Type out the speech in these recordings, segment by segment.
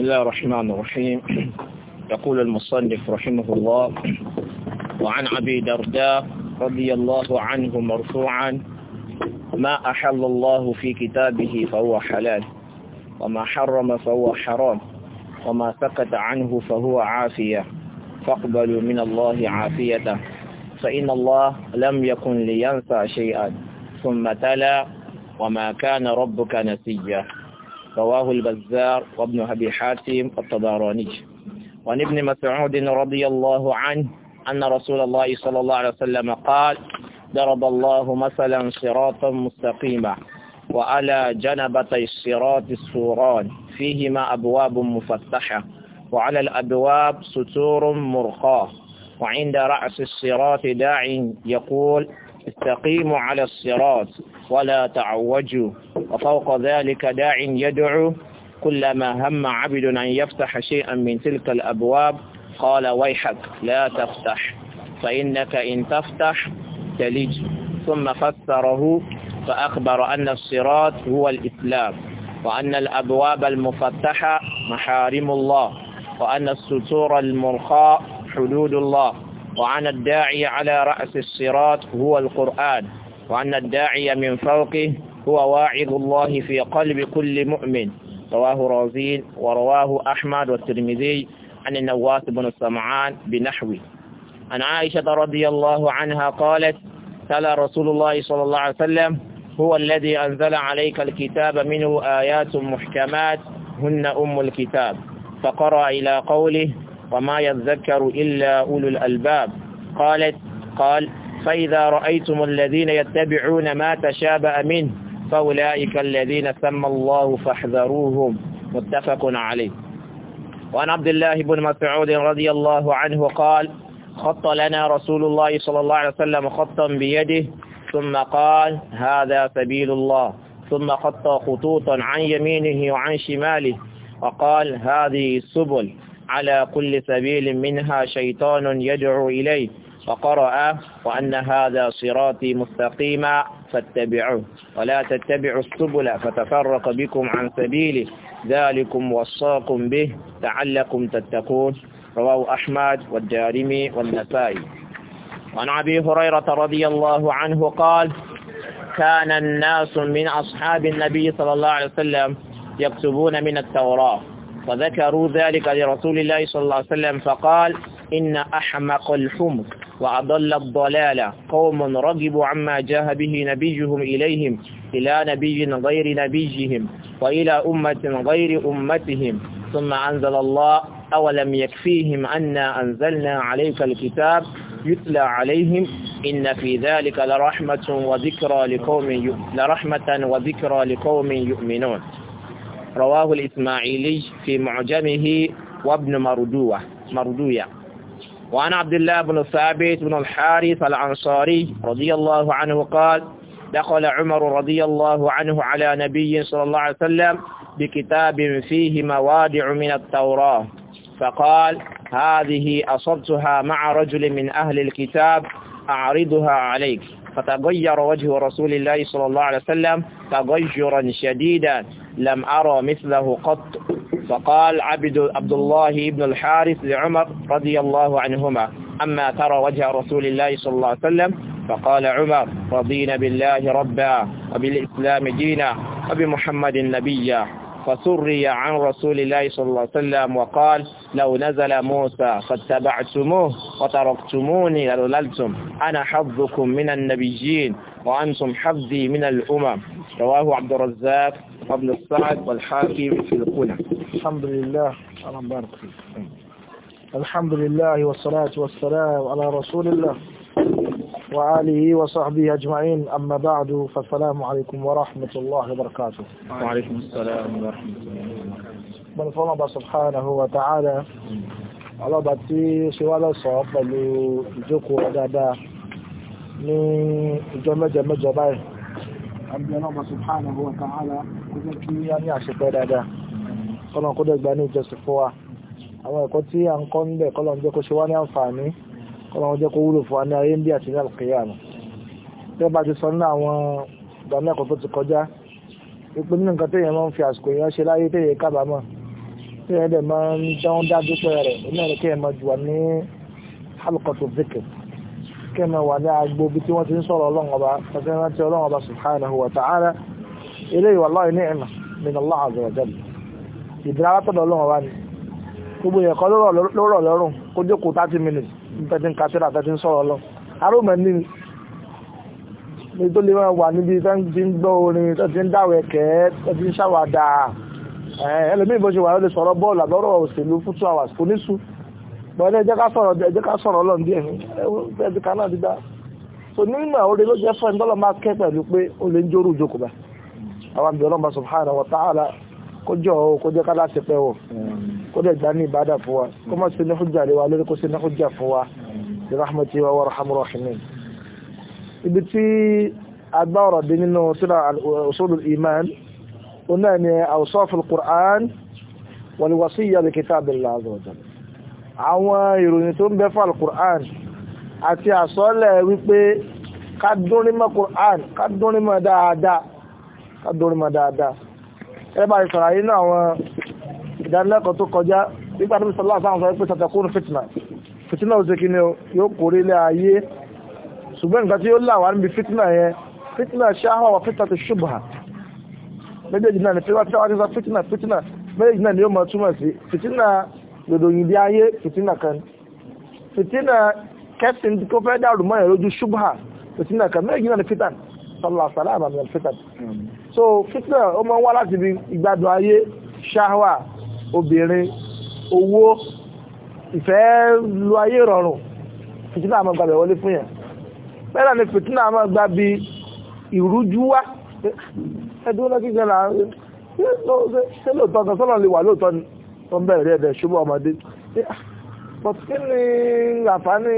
الله الرحمن الرحيم يقول المصنف رحمه الله وعن أبي درداء رضي الله عنه مرفوعا ما أحل الله في كتابه فهو حلال وما حرم فهو حرام وما سكت عنه فهو عافية فاقبلوا من الله عافيته فإن الله لم يكن لينسى شيئا ثم تلا وما كان ربك نسيا رواه البزار وابن أبي حاتم الطبراني وعن ابن مسعود رضي الله عنه أن رسول الله صلى الله عليه وسلم قال ضرب الله مثلا صراطا مستقيما وعلى جنبتي الصراط السوران فيهما أبواب مفتحة وعلى الأبواب ستور مرخاة وعند رأس الصراط داع يقول استقيموا على الصراط ولا تعوجوا وفوق ذلك داع يدعو كلما هم عبد أن يفتح شيئا من تلك الأبواب قال ويحك لا تفتح فإنك إن تفتح تلج ثم فسره فأخبر أن الصراط هو الإسلام وأن الأبواب المفتحة محارم الله وأن الستور المرخاء حدود الله وعن الداعي على رأس الصراط هو القرآن وأن الداعي من فوقه هو واعظ الله في قلب كل مؤمن رواه رازين ورواه أحمد والترمذي عن النواس بن السمعان بنحوي عن عائشة رضي الله عنها قالت تلا رسول الله صلى الله عليه وسلم هو الذي أنزل عليك الكتاب منه آيات محكمات هن أم الكتاب فقرأ إلى قوله وما يذكر إلا أولو الألباب قالت قال فإذا رأيتم الذين يتبعون ما تشابه منه فأولئك الذين سمى الله فاحذروهم متفق عليه وعن عبد الله بن مسعود رضي الله عنه قال خط لنا رسول الله صلى الله عليه وسلم خطا بيده ثم قال هذا سبيل الله ثم خط خطوطا عن يمينه وعن شماله وقال هذه السبل على كل سبيل منها شيطان يدعو إليه فقرأ وأن هذا صراطي مستقيما فاتبعوه ولا تتبعوا السبل فتفرق بكم عن سبيله ذلكم وصاكم به لعلكم تتقون رواه أحمد والدارمي والنسائي وعن أبي هريرة رضي الله عنه قال كان الناس من أصحاب النبي صلى الله عليه وسلم يكتبون من التوراة فذكروا ذلك لرسول الله صلى الله عليه وسلم فقال إن أحمق الحمق وأضل الضلال قوم رغبوا عما جاه به نبيهم إليهم إلى نبي غير نبيهم وإلى أمة غير أمتهم ثم أنزل الله أولم يكفيهم أنا أنزلنا عليك الكتاب يتلى عليهم إن في ذلك لرحمة وذكرى لقوم لرحمة وذكرى لقوم يؤمنون رواه الإسماعيلي في معجمه وابن مردوة مردوية وعن عبد الله بن ثابت بن الحارث الأنصاري رضي الله عنه قال دخل عمر رضي الله عنه على نبي صلى الله عليه وسلم بكتاب فيه موادع من التوراة فقال هذه أصبتها مع رجل من أهل الكتاب أعرضها عليك فتغير وجه رسول الله صلى الله عليه وسلم تغيرا شديدا لم أرى مثله قط فقال عبد عبد الله بن الحارث لعمر رضي الله عنهما أما ترى وجه رسول الله صلى الله عليه وسلم فقال عمر رضينا بالله ربا وبالإسلام دينا وبمحمد نبيا فسري عن رسول الله صلى الله عليه وسلم وقال لو نزل موسى فاتبعتموه وتركتموني لللتم أنا حظكم من النبيين وأنتم حظي من الأمم رواه عبد الرزاق وابن السعد والحاكم في القنع الحمد لله الحمد لله والصلاة والسلام على رسول الله وآله وصحبه أجمعين أما بعد فالسلام عليكم ورحمة الله وبركاته وعليكم السلام ورحمة الله وبركاته من فضل سبحانه وتعالى على باتي سوال صعب بلو جوكو ودادا ní ìjọ mẹ́jọ mẹ́jọ báyìí. Àbíọ́lọ́mà subhanahu wa ta'ala kó jẹ́ kí a ní àṣepẹ́ dáadáa. Kọ́nà kó dẹ̀gbà ní ìjọsìn fún wa. Àwọn ẹ̀kọ́ tí a ń kọ́ ń bẹ̀ kọ́lọ̀ ń jẹ́ kó ṣe wá ní àǹfààní kọ́lọ́wọ́ jẹ́ kó wúlò fún wa ní ayé ń bí àti ní àlùkìyàmù tí ó bá ti sọ nínú àwọn ìdánilẹ́kọ̀ọ́ tó ti kọjá ipò nínú nǹkan téèyàn máa ń fi àsìkò yẹn ṣe láyé téèyàn kábàámọ̀ téèyàn dẹ̀ máa ń dáhùn dájú pé rẹ̀ iná rẹ̀ ọlọ́run wa Allah azza wa jalla ìdíra látọ̀dọ̀ ọlọ́run ọba ni gbogbo yẹn lórọ̀ lọ́rùn kó jókòó 30 minutes tẹ́tí ń kàtírà tẹ́tí ń sọ̀rọ̀ lọ arómọ̀ ní ní tó lè wà níbi tẹ́tí ń gbọ́ orin tẹ́tí ń dáwẹ̀ kẹ́ tẹ́tí ń ṣàwàdà ẹlòmíì bó ṣe wà lóde sọ̀rọ̀ bọ́ọ̀lù àbọ̀rọ̀ òṣèlú fún two hours kò ní sú bọ́ọ̀lù ẹjẹ́ ká sọ̀rọ̀ ẹjẹ́ ká sọ̀rọ̀ lọ́n so nígbà orí ló jẹ́ fún ẹ̀ńdọ́lọ́ máa kẹ́ pẹ̀lú pé ó lè ń jórú ìjókòó bá àwọn àbí ọlọ́mọ subhanahu wa kó jẹ́ ká láti pẹ́ kó dẹ̀ gbá ní ìbádà fún wa kó má sí ní hujja lé wa lórí kó sí ní hujja fún wa bí rahmatu wa wa rahmu rahimin ibi tí agbá ọ̀rọ̀ dé nínú sílá usulul iman ó náà ni awsaful qur'an wal wasiyya li kitabillah azza wa jalla àwọn ìròyìn tó ń bẹ fún al àti àsọ́lẹ̀ wípé ká dúnrímọ̀ Qur'an dáadáa ká ìsọ̀rọ̀ yìí àwọn ìdánilẹ́kọ̀ọ́ tó kọjá nípa níbi sọlá àfáàfà pé sàtàkùn fìtìnà fìtìnà ò ṣe kí ni yóò kórè ilé ayé ṣùgbọ́n nǹkan tí ó là wà níbi yẹn wà ti ṣubha méjèèjì náà ni ti sọ méjèèjì náà ni yóò máa túmọ̀ sí lòdòyìn bí ayé kan kẹsìn kó fẹ́ dàrú ṣubha so ó máa ń wá láti ibi obìnrin owó ìfẹ́ lu ayé rọrùn fìtínà àmọ́ gbàbẹ̀ wọlé fún yẹn bẹ́ẹ̀ ni fìtínà àmọ́ gbà bí ìrújú wá ẹdún náà kíkẹ́ là ń ṣe lóòótọ́ kan sọ́lọ́ lè wà lóòótọ́ ni tó ń bẹ̀rẹ̀ ẹ̀bẹ̀ ṣubú ọmọdé pọ̀tù ah, kí ni àǹfààní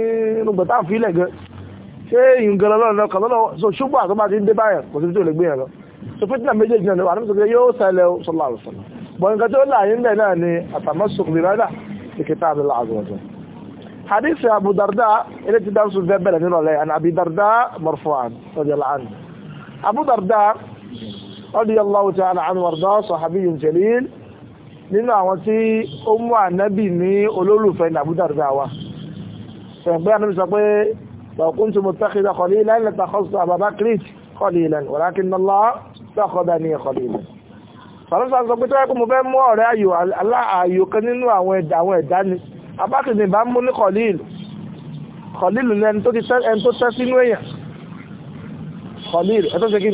rúgbọ̀tà fílẹ̀ gan ṣé ìyùngẹ̀rẹ̀ lọ́nà kan lọ́nà so ṣubú àtọ́bá ti ń dé báyẹn kò sí tí ò lè gbé yẹn lọ so fìtínà méjèèjì náà ni wà ní sọ pé yóò ṣẹlẹ̀ sọ́lọ́ àlùsọ̀lọ́ bọ̀nkà tí ó láàyè ńlẹ̀ náà ni àtàmọ́sùn rírádà ìkẹta àbúlá àgbọ̀jọ hadith abu darda ilé ti dáhùn sùn bẹ́ẹ̀ bẹ̀rẹ̀ nínú ọ̀lẹ́ àná abi darda marfu'an radiyallahu anhu abu darda radiyallahu ta'ala anhu warda sahabiyyun jalil nínú àwọn tí ó mú ànábì ní olólùfẹ́ ní abu darda wa sọ̀gbẹ́ ànábì sọ pé law kuntu muttakhidha khalilan lattakhadhtu abubakrin khalilan walakin Allah ittakhadhani khalilan sàlọ́sà sọ pé tó yẹ kó mo fẹ́ mú ọ̀rẹ́ ayò aláàyò nínú àwọn ẹ̀dá àwọn ẹ̀dá ni abákì ní ìbámu ní kọ̀líìlù kọ̀líìlù ní ẹni tó tẹ́ sínú èèyàn kọ̀líìlù ẹ tó ni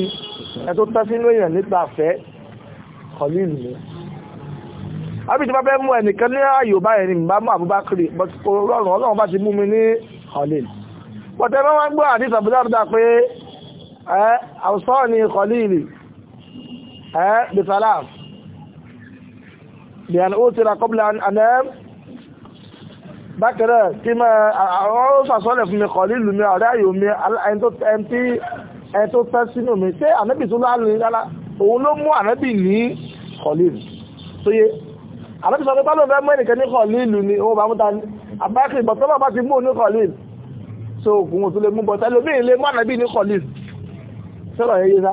ẹ tó tẹ́ sínú èèyàn nípa àfẹ́ kọ̀líìlù ni àbí tí bá fẹ́ mú ẹnìkan ní ayò báyẹn ni bá mú àbúbákiri rọrùn ọlọ́run bá ti mú mi ní kọ̀líìlù pọ̀tẹ́ bá wá gbọ́ àdìs بثلاث بأن أوتر قبل أن أنام bákẹ̀rẹ̀ kí mẹ́ àwọn sàṣọ́lẹ̀ fún mi kọ̀ nílùú mi ọ̀rẹ́ àyò mi ẹni tó tẹ́ sínú mi tẹ́ ànẹ́bì tó láàrin rárá òun ló mú ànẹ́bì ní kọ̀lìlù tó yé ànẹ́bì sọ pé bá ló fẹ́ mọ́ ẹnìkan ní kọ̀lìlù ni ó bá mú ta ní abákì ìbọ̀ tó bá ti mú ní kọ̀lìlù so òkun òtún lè mú bọ̀ tẹ́lómìn lè mú ànẹ́bì ní kọ̀lìlù sọ́rọ̀ yẹ́ yé sá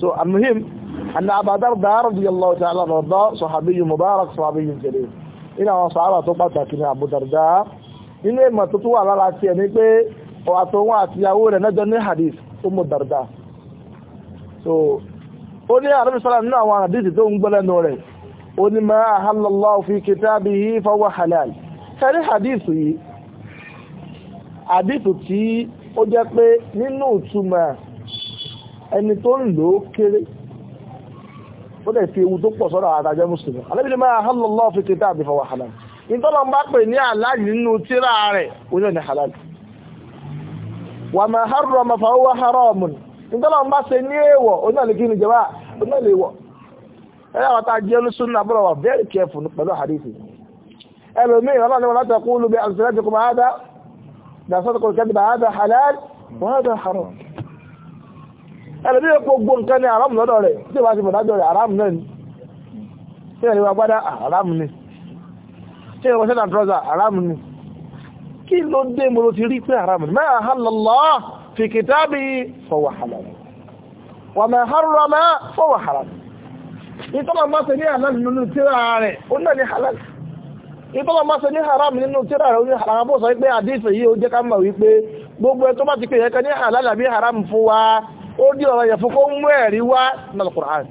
so المهم أن أبا درداء رضي الله تعالى رضاه صحابي مبارك صحابي جليل إنه وصعبه تقطع كنا أبو درداء إنه ما تطوع على العسية نيكي وأتوى عسياوه لنجني حديث أم الدرداء so ó ní àrẹ́bí sára nínú àwọn àdíjì tó ń gbọ́lẹ́nu rẹ̀ ó ní ma ahallallahu fi kitabihi fawa halal ṣẹ́rí hadithu yìí hadithu tí ó jẹ́ pé nínú ìtumọ̀ ẹni tó ń lò ó kéré ó dẹ̀ fi ewu tó pọ̀ sọ́dọ̀ àtàjẹ́ mùsùlùmí alẹ́bìnrin máa hàlọ́lọ́ fi kéta àbí fọwọ́ halal ìtọ́lọ́ bá pè ní aláàjì nínú tíra rẹ̀ oní ọ̀nà halal wà máa hàrọ̀ máa fọwọ́ haram ìtọ́lọ́ bá ṣe ní èèwọ̀ oní ọ̀nà kí ni jẹba oní ọ̀nà èèwọ̀ ẹ̀rọ àwọn tàjẹ́ olùsùn náà bọ̀rọ̀ wà very careful ẹlẹ́bí gbogbo nǹkan ní àrámù lọ́dọ̀ rẹ̀ tí wá sí fọ̀dájọ́ rẹ̀ àrámù náà ni tí ẹ̀rí wa gbádá àrámù ni tí ẹ̀rí wa sẹ́dà trọ́zà àrámù ni kí ló dé mo ló ti rí pé àrámù ni ma ahallallah fi kitabi fahuwa halal wa ma harrama fahuwa haram ìtọ́lọ̀ máa ṣe ní halal nínú tíra rẹ̀ ó náà ní halal ìtọ́lọ̀ máa ṣe ní haram nínú tíra gbogbo ẹ tó bá ti pè yẹ ní halal haram fún wa ó dí ọ̀rọ̀ yẹ̀ fún kó mú ẹ̀rí wá nínú Qur'an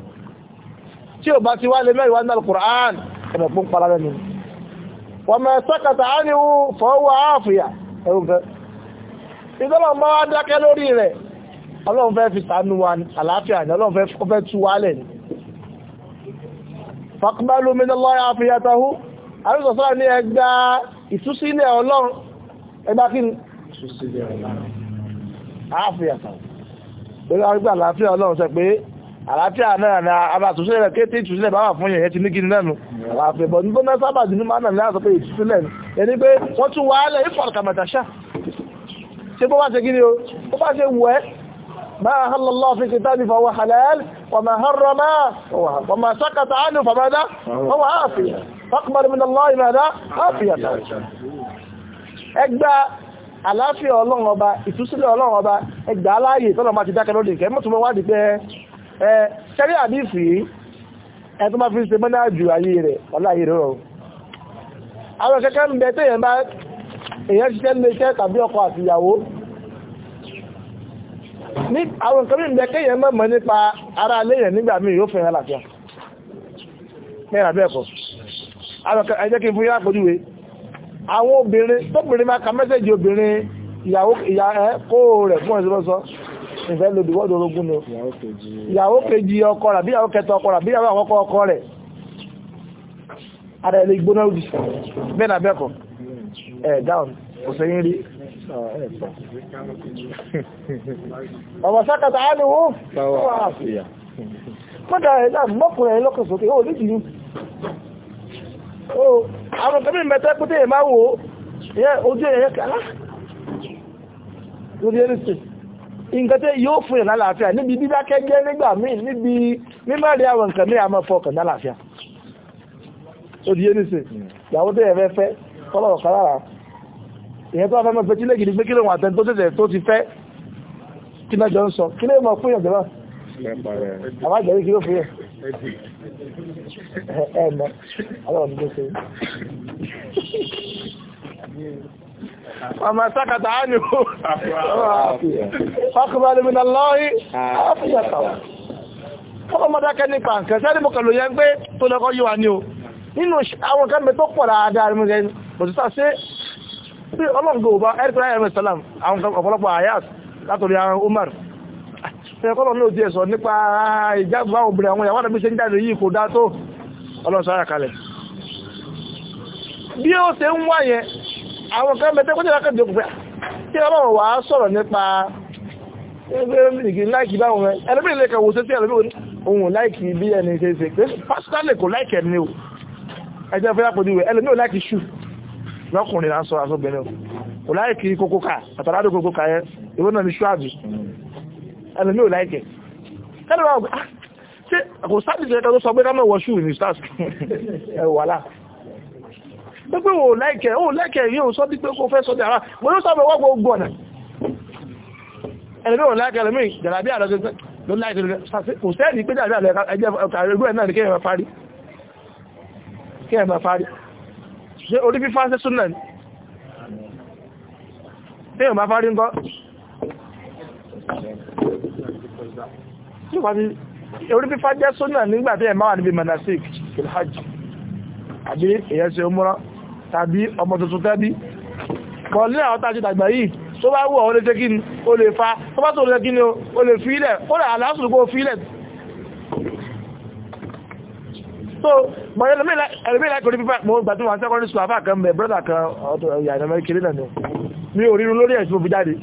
tí ò bá ti wá lè mẹ́rin wá nínú Qur'an ẹ̀mọ̀ fún para lẹ́nu wọ́n mẹ́ sọ́kàtà ánìwú fọ́wọ́ àáfíà ẹ̀rùn fẹ́ ìdọ́lọ̀ mọ́ wá dákẹ́ lórí rẹ̀ ọlọ́run fẹ́ fi sànú wa àlàáfíà ní ọlọ́run fẹ́ tú wá lẹ̀ ní faqbalu minallahi àáfíà sàwọn pẹ̀lú agbá àlàáfíà ọlọ́run sọ pé àlàáfíà náà na abàtúnṣe rẹ̀ kété ìtúsílẹ̀ bá wà fún yẹ̀yẹ́ ti ní kí nínú àlàáfíà bọ̀ ní bọ́nà sábà dínú máa nà láàá sọ pé ìtúsílẹ̀ ẹni pé wọ́n tún wà álẹ̀ ìfọ̀rọ̀kàmẹ̀tàṣà ṣe bó bá ṣe gíní o bó bá ṣe wù ẹ́ ما أهل الله في كتابه فهو حلال وما هرم وما سكت عنه فماذا هو عافية فاقبل من الله ماذا عافية ẹgbà àláfíà ọlọ́run ọba ìtúsílẹ̀ ọlọ́run ọba ẹgbà aláyè tọ́lọ̀ ma ti dákẹ́ lóde ìkẹ́ mọ́ tó mọ́ wádìí pé ẹ ṣẹ́rí àdífì ẹ tó fi ṣe mọ́nà jù ayé rẹ̀ ọláyé rẹ̀ rọrùn àwọn kẹ́kẹ́ ń bẹ tẹ́yẹn bá èyàn ṣiṣẹ́ tàbí ní ara nígbà yóò fẹ́ràn àlàáfíà mẹ́rin àwọn àwọn obìnrin tóbìnrin máa ka mẹ́sẹ̀jì obìnrin ìyàwó kó rẹ̀ fún ẹ̀sọ́sọ́ ìfẹ́ lòdì ìyàwó kejì ọkọ rẹ̀ bí ìyàwó kẹta ọkọ rẹ̀ bí ìyàwó àkọ́kọ́ na rẹ̀ ara ilé gbóná rú mọ́kànlá ó lè ó àwọn kẹ́mí mẹ́ta pété ẹ̀ máa wò yẹ ojú ẹ̀yẹ kàá ah! lórí ẹ̀rìsì nǹkan tẹ́ yóò fún ìrìn àlàáfíà níbi dídákẹ́ jẹ́ nígbà míì níbi mímọ̀rí àwọn nǹkan ní àmọ́ fọkàn lálàáfíà lórí ẹ̀rìsì ìyàwó tẹ́ ẹ̀fẹ́ fẹ́ kọ́lọ̀ kọ́lára ìyẹn tó fẹ́ mọ́ fẹ́ tílé gidi pé kí lóun àtẹ́ tó tẹ̀tẹ̀ àwọn àjẹ́rí kí ló ẹ̀mọ́ ọlọ́run ló ṣe ọmọ sákàtà á ní ó ọkùnrin mi lọ́rí áfíyàtàwà ọkọ̀ mọ́dákẹ́ nípa nǹkan sẹ́rí mọ́kàn ló gbé tó lọ́kọ́ yíwa ní o nínú àwọn kan mẹ́ tó pọ̀ dáadáa mú gẹ́ni bọ̀tútà sí pé ọlọ́gbò bá ẹ́rìkọ́ ẹ̀rẹ́ sàlám àwọn ọ̀pọ̀lọpọ̀ Umar ẹ̀kọ́lọ̀ ní òjì ẹ̀sọ̀ nípa ìjágbá obìnrin àwọn ìyàwó àdàbí ṣe ń dáre yìí kò dá ọlọ́sọ́yà kalẹ̀ bí ó ṣe ń wáyẹ àwọn kan mẹ́tẹ́ kó jẹ́lá kẹ́jọ pẹ́ tí ọlọ́run wà á sọ̀rọ̀ nípa láìkì báwọn rẹ̀ ẹlẹ́bìn ilẹ̀ kan wò sí tí ẹlẹ́bìn ohun láìkì bí ẹni ṣe ṣe pé pásítálẹ̀ kò láìkì ẹni o ẹjẹ́ fẹ́ lápò díwẹ̀ ẹlẹ́bìn láìkì ṣù lọ́kùnrin láńsọ asọ́bìnrin kò láìkì kókó ká àtàrádó kókó ká yẹ náà ni ṣù àbí ẹlẹ́bìn láìkì ṣe kò sáàdìsì ẹ̀kọ́ tó sọ pé kámọ̀ wọ̀ṣù ní stars ẹ̀wàlá pẹ́pẹ́ ò láìkẹ̀ ò láìkẹ̀ yóò sọ dípé kó fẹ́ sọ dára wọ́n ló sábẹ̀ wọ́pọ̀ gbọ̀nà ẹ̀lẹ́mí ò láìkẹ̀ ẹ̀lẹ́mí jàlábí àlọ́ ló láìkẹ̀ kò sẹ́ẹ̀dì pé jàlábí àlọ́ ẹgbẹ́ ẹgbẹ́ ẹ̀ náà ni kéèyàn parí kéèyàn parí ṣe orí fífá ṣe súnà ní kéèyàn bá orí fífá jẹ́ súnà nígbàtí ẹ̀ máa níbi manasik filhajj àbí èyàn ṣe múra tàbí ọmọ tuntun tẹ́bí kọ̀ ní àwọn tàbí tàgbà yìí tó bá wù ọ́ lè tẹ́kí o lè fa tó bá tó lè kí ni o lè fílẹ̀ ó rẹ̀ aláṣùkò fílẹ̀ so mọ̀ ẹlẹ́mẹ́lá kò ní fífá mọ́ gbàtí wọn secondary school afá kan mẹ́ brọ́dà kan ọ̀tọ̀ ìyànà mẹ́rin kiri náà ni mi ò rírun lórí ẹ̀sùn òfin jáde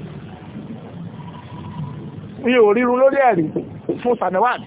mi ò rírun lórí ẹ̀rí fún sanawadi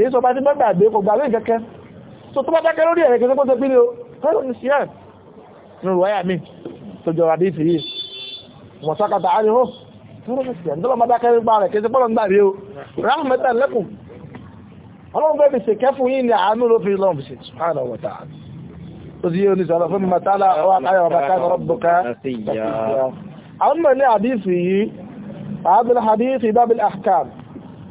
èyí sọ bá ti mọ́gbàgbé kò gbàgbé kẹ́kẹ́ so tó bá dákẹ́ lórí ẹ̀rẹ́ kẹ́kẹ́ tó pín ní o kọ́rọ̀ ní sí ẹ̀ ní ìwáyà mi tó jọ rádìí sí yìí wọ́n sákàtà á ní hó kọ́rọ̀ ní sí ẹ̀ tó bá dákẹ́ nípa rẹ̀ kẹ́sẹ́ pọ́lọ̀ nígbà rí o ráhùn mẹ́ta lẹ́kùn ọlọ́run bẹ́ẹ̀ fi ṣe kẹ́fún yìí ní àánú ló fi lọ́n fi ṣe sùhánà wọ̀ta tó ti yé oní sọ̀rọ̀ fún mẹ́tàlá ọwọ́ akáyọ̀ ọba ahkam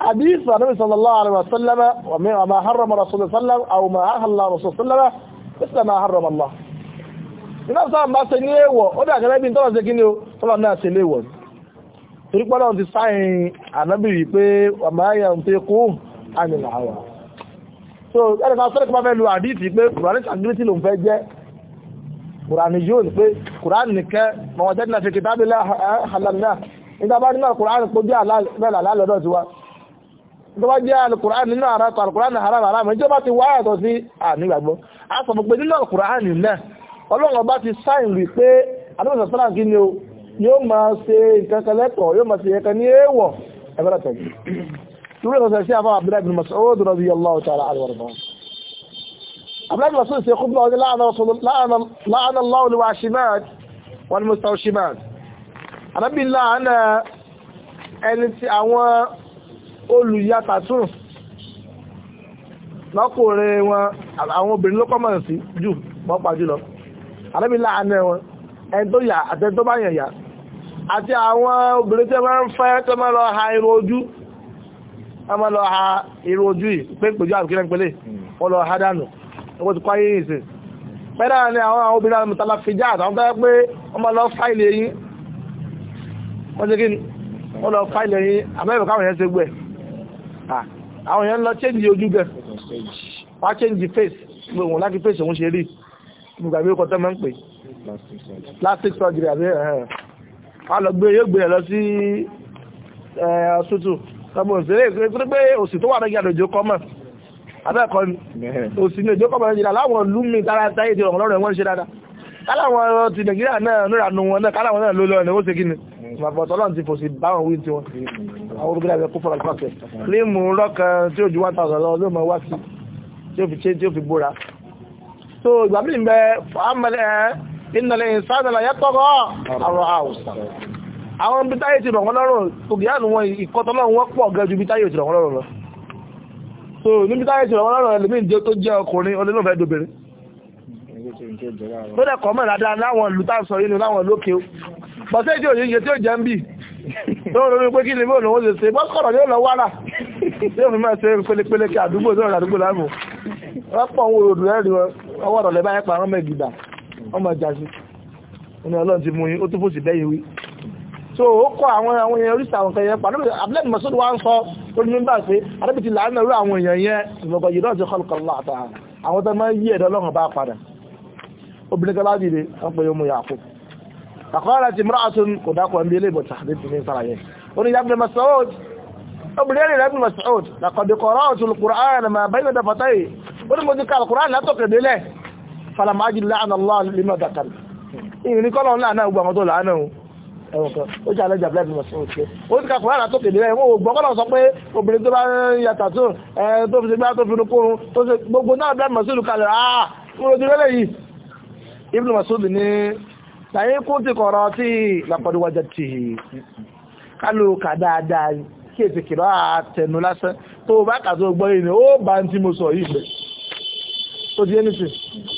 حديث النبي صلى الله عليه وسلم وما حرم رسول الله صلى الله عليه وسلم أو ما أهل رسول صلى الله عليه وسلم مثل ما حرم الله iná sáà bá ṣe ní èèwọ̀ ó dà gẹ́gẹ́ bí tọ́lọ̀ ṣe kí ni ó tọ́lọ̀ náà ṣe léèwọ̀ torí pọ́lọ̀ ti sáyìn ànábì rí pé wà máa yẹ ń pé kú àmìnà àwà so ẹni ká sọ́rọ̀ pípa fẹ́ lu àdíìtì pé kùránì sàgbìtì ló ń fẹ́ jẹ́ kùránì yóò ní pé kùránì nìkẹ́ mọ̀wọ́n jẹ́ nínú ṣe kìtàbí lẹ́ tó bá jẹ́ alukur'an nínú ara tó alukur'an ní haram haram ìjọba ti wá àtọ̀ sí ànígbàgbọ́ a sọ pé nínú alukur'an náà ọlọ́run ọba ti sáìn rí pé adúgbò sọ́nà kí ni o yóò máa ṣe nǹkan kan lẹ́tọ̀ọ́ yóò máa ṣe nǹkan ní èèwọ̀ ẹgbẹ́rẹ́ tẹ̀lé lórí ọ̀sẹ̀ sí àfáà abdullahi bin mas'ud radiyallahu ta'ala anhu warda abdullahi bin ẹni tí àwọn olùyàtàtún lọ́kùnrin wọn àwọn obìnrin ló kọ́mọ̀ sí jù pọ́pàá jùlọ àlẹ́bí láàánẹ́ wọn ẹni tó yà àtẹ́ tó bá yà àti àwọn obìnrin tẹ́ wọ́n ń fẹ́ tẹ́ lọ ha irú ojú lọ ha ojú yìí pé àwọn tẹ́ pé wọ́n lọ fáìlì Ah, àwọn èèyàn lọ change ojú gẹ̀ wá change face pé òun láti face òun ṣe rí gbàgbé ọkọ̀ tẹ́mọ̀ ń pè plastic surgery àbí ẹ̀hẹ̀n wá lọ gbé yóò gbé lọ sí ọ̀tútù ọmọ òṣèré ìpínlẹ̀ pé òsì tó wà lọ́gí àdòjò kọ́mọ̀ abẹ́ẹ̀kọ́ òsì ní òjò kọ́mọ̀ nàìjíríà láwọn lúmi tára táyé ti ọ̀rọ̀ rẹ̀ wọ́n ṣe dáadáa káláwọn ọ̀rọ̀ ti nàìjíríà náà nírànú wọn náà káláwọn náà ló lọ́ọ̀nà ó ṣe kí ni màbọ̀tọ́lọ́n ti fòsì báwọn wí tiwọn àwọn olùgbé àbẹ̀ kó fọ́nà pàṣẹ límù lọ́kàn tí ó ju 1000 lọ ló wá sí tí ó fi ṣe tí ó fi bóra so ìgbà mí bẹ fàámẹ́lẹ́ ìnàlẹ̀ ìsádàlà yàtọ̀gọ́ àrọ̀ àwùsà àwọn ibi táyé ti tó jẹ́ ọkùnrin olólùfẹ́ dobìnrin tó dẹ̀ kọ́ mọ̀ láwọn ìlú tá sọ yìí ni láwọn lókè bọ́sẹ̀ tí òyìnbó tí ó jẹ́ ń bì tó ń ronú pé kí ni bó lòun ṣe ṣe bọ́sọ̀rọ̀ yóò lọ wára yóò fi máa ṣe pélepéle kí àdúgbò tó ń rà àdúgbò láàmú rọ́pọ̀ ń wo òdù rẹ́rì ọwọ́ ọ̀rọ̀ lẹ́bàá ẹ̀pà ọmọ ìgbìdà ọmọ ìjàsí ní ọlọ́run ti mú yín ó tún fòsì bẹ́yìn wí so ó kọ àwọn àwọn èèyàn oríṣi àwọn kan yẹn pa abúlẹ́ni mọ̀sọ́dù wa ń sọ ó ní nígbà pé adébí ti láàánú irú àwọn èèyàn yẹn ìmọ̀gọ̀ yìí náà ti kọlù kọlù àtà àwọn tó máa ń yí ẹ̀dọ́ ọlọ́run bá padà obìnrin kan láti rè wọ́n pe ọmọ yàkó àkọ́lá ti mọ́ra tún kò dákọ̀ ẹ̀mí ilé ìbọ̀tà ní ti ní sára yẹn ó ní yàgbé masoud obìnrin rẹ̀ bí masoud làkọ̀dé kọ̀rọ̀ ọ̀tún kùrán mà bẹ́ẹ̀ dẹ̀ fọ́tá yìí ó ní mo ti ka kùrán látọ̀kẹ̀ délẹ̀ falamaji la'ana allah lima dakari ìrìn kọ́lọ̀ lánàá gbogbo àwọn tó lánàá ẹ̀wọ̀n kan ó jẹ́ alẹ́jà blake masoud ṣe ó ti ka kùrán látọ̀kẹ̀ délẹ̀ wọn ò gbọ́ kọ́lọ̀ sọ pé obìnrin tó bá ń ya tàtó tó fi gbá tó fi rúkúrú tó ṣe gbogbo náà blake masoud kalẹ̀ ah mo ti rẹ́lẹ̀ yìí ibn masoud ní tàyé kó ti kọ̀rọ̀ tí lápọ̀dúwájá ti kálò kà dáadáa kí èsì kìrọ̀ àtẹnu lásán tó bá kàtó gbọ́ ìní ó bá ń tí mo sọ yìí bẹ̀ tó di ẹni sí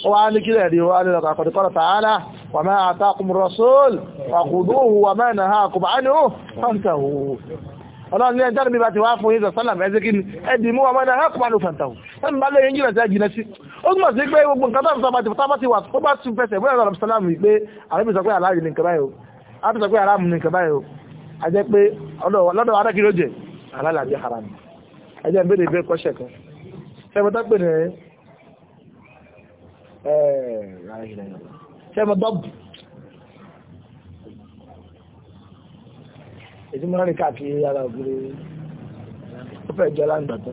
ó wá ní kílẹ̀ rí wá ní ọkà kọ̀dùkọ́rọ̀ ọlọ́run ní ẹjọ́ níbi bá ti wá fún yíṣọ́ sálàmù ẹ̀sìnkí ni ẹ̀dì mú ọmọdé ẹ̀kùnmánú fàntàwù ẹ̀mí bá lóyún jìnà sí ẹ̀jìnà sí ó túnmọ̀ sí pé gbogbo nǹkan tó ń sọ́ba tó bá ti wà tó bá tún fẹsẹ̀ bóyá ọ̀rọ̀ sálàmù pé àrẹ́bí sọ pé aláàjì ní kẹbáyò àbí sọ pé aráàmù ní kẹbáyò a jẹ́ pé lọ́dọ̀ arákìrò jẹ alálàjì haram ẹ jẹ́ bẹ́ẹ̀ bẹ́ẹ̀ kọ́ṣẹ̀ kan sẹ́mi tó pè ní ẹ̀ẹ́ eh, èyí máa rí káàkiri ara ògiri ó fẹ́ jọ láǹdà tó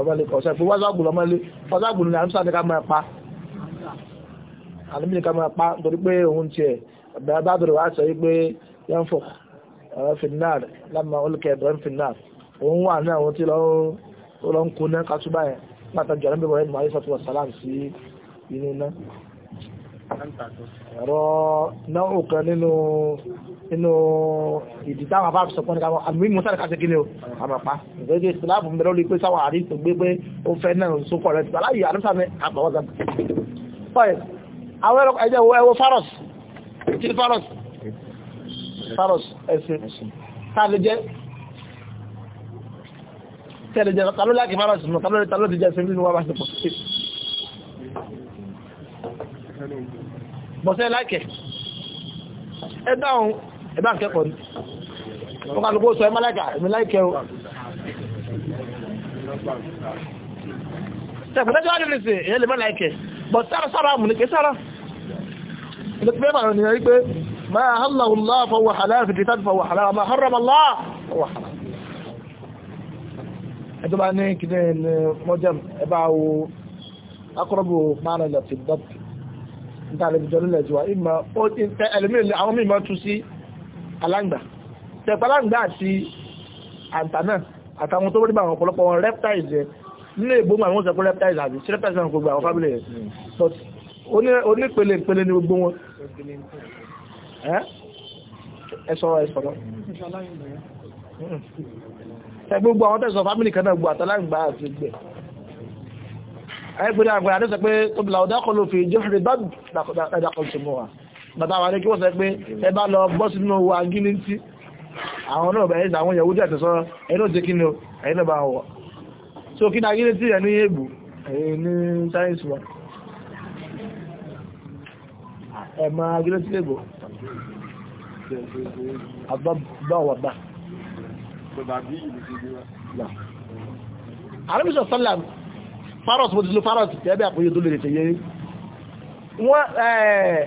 ọmọdé kọ̀ọ̀sẹ̀ fún wáṣàgùn lọ́mọlé wáṣàgùn ní àmsà ní ká máa pa àníbí ní ká máa pa torí pé òun tiẹ̀ bàbáàdùrù wá sọ wípé yẹn fò finnar lámà olùkẹ́ ẹ̀bẹ̀rẹ̀ finnar òun wà ní àwọn tí lọ ń kuná kásúbà yẹn náà ẹ̀rọ kan nínú inú ìdí táwọn afáàfi sọ pọ́nìká àmì mọ́sára kàṣẹ kí ni o àmàpá ìgbẹ́gbẹ́ ìsìláàbù mẹ́rọ lè pé sáwọn àrí tó gbé pé ó fẹ́ náà só kọ̀ rẹ̀ tí aláyè àdúsà ní faros kí faros faros ẹ̀sìn tàbí jẹ́ tẹ́lẹ̀ jẹ́ tàló láàkì faros nù tàló tàló ti jẹ́ sí nínú wa bá ṣe pọ̀ bọ̀sẹ̀ láàkì ẹ dáhùn ẹ̀bá ń kẹ́kọ̀ọ́ ní wọ́n ká lùgbó sọ ẹ mọ́láìkà èmi láìkẹ́ o tẹ̀kùtẹ́jọ́ wá nílùú sí èyẹ lè mọ́láìkẹ́ bọ̀ sára sára mú ní kí sára ilé pé bàrọ̀ ní rí pé ma hallahullah fọwọ́ halal fi kitab fọwọ́ halal ma haramallah fọwọ́ halal ẹjọ́ bá ní kìdẹ́ ní mọ́jẹ́m ẹbá wo akọ́rọ̀bù mánà lọ sí dọ́pì nítorí ìjọ nílẹ̀ jùwà ìmọ̀ ẹlẹ́mìí àwọn mímọ̀ tún sí aláǹgbà tẹ̀pẹ́ aláǹgbà àti àǹtà náà àtàwọn tó rígbà àwọn ọ̀pọ̀lọpọ̀ wọn reptiles ẹ̀ nínú ìgbóhùn àwọn òṣèpọ̀ reptiles àbí sí reptiles náà gbogbo àwọn fábílẹ̀ ẹ̀ hmm. but onípele ìpele ni gbogbo wọn hmm. ẹ sọ̀rọ̀ ẹ sọ̀rọ̀ hmm. ẹ gbogbo àwọn tẹ̀sán fámìlì kan náà gbogbo àtàláǹgbà àti ìgbẹ̀ ẹgbẹ̀rẹ̀ àgbẹ̀rẹ̀ àdẹ́sẹ̀ pé tóbi làwọn dákọlù fi jẹ́ bàtà wà ní kí wọ́n sẹ pé ẹ bá lọ bọ́ sínú wa gíní tí àwọn náà bẹ̀rẹ̀ ìsàwọn ìyàwó jẹ́ àtẹ̀sọ́ ẹ̀nà òjé kí ni ó ẹ̀nà bá wọ̀ so kí ní agíní tí ẹ̀ ní èbù ní sáyẹ́nsì wa ẹ̀mà agíní tí èbù àbábáwàbá àrẹ́bíṣọ̀ sálàm farot mo ti lo farot ẹ̀bẹ̀ àpòyè tó lè tẹ̀yẹ wọ́n ẹ̀ẹ́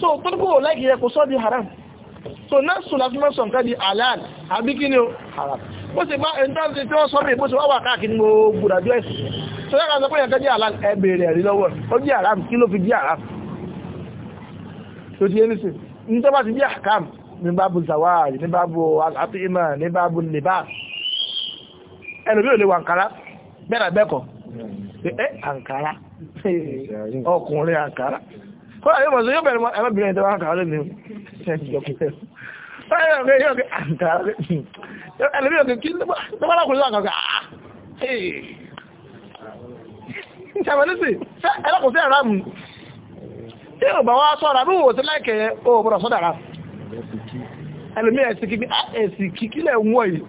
so tó ní kò láìkì yẹ kò sọ́ di haram so náà sùn láti mọ́ sọ̀nkà di halal àbí kí ni o haram bó ṣe bá ẹni tán ti tí wọ́n sọ mí bó ṣe wá wà káàkiri mo gbùdájọ́ ẹ̀sìn so yẹ́ ká sọ pé yẹn kẹ́ di halal ẹ bèèrè ẹ̀rí haram kí ló fi di haram tó di ẹnìsìn ní tó bá ti di ahkam ní bábu zawaj ní bábu al-atima ní bábu libas ẹlòmí ò lè ọkùnrin àǹkárá kọ́lá yóò mọ̀sí yóò bẹ̀rẹ̀ mọ́ ẹ̀mọ́bìnrin ìjọba ń kàwálé ní ẹlùmí ẹ̀sì kíkílẹ̀ wọ́ yìí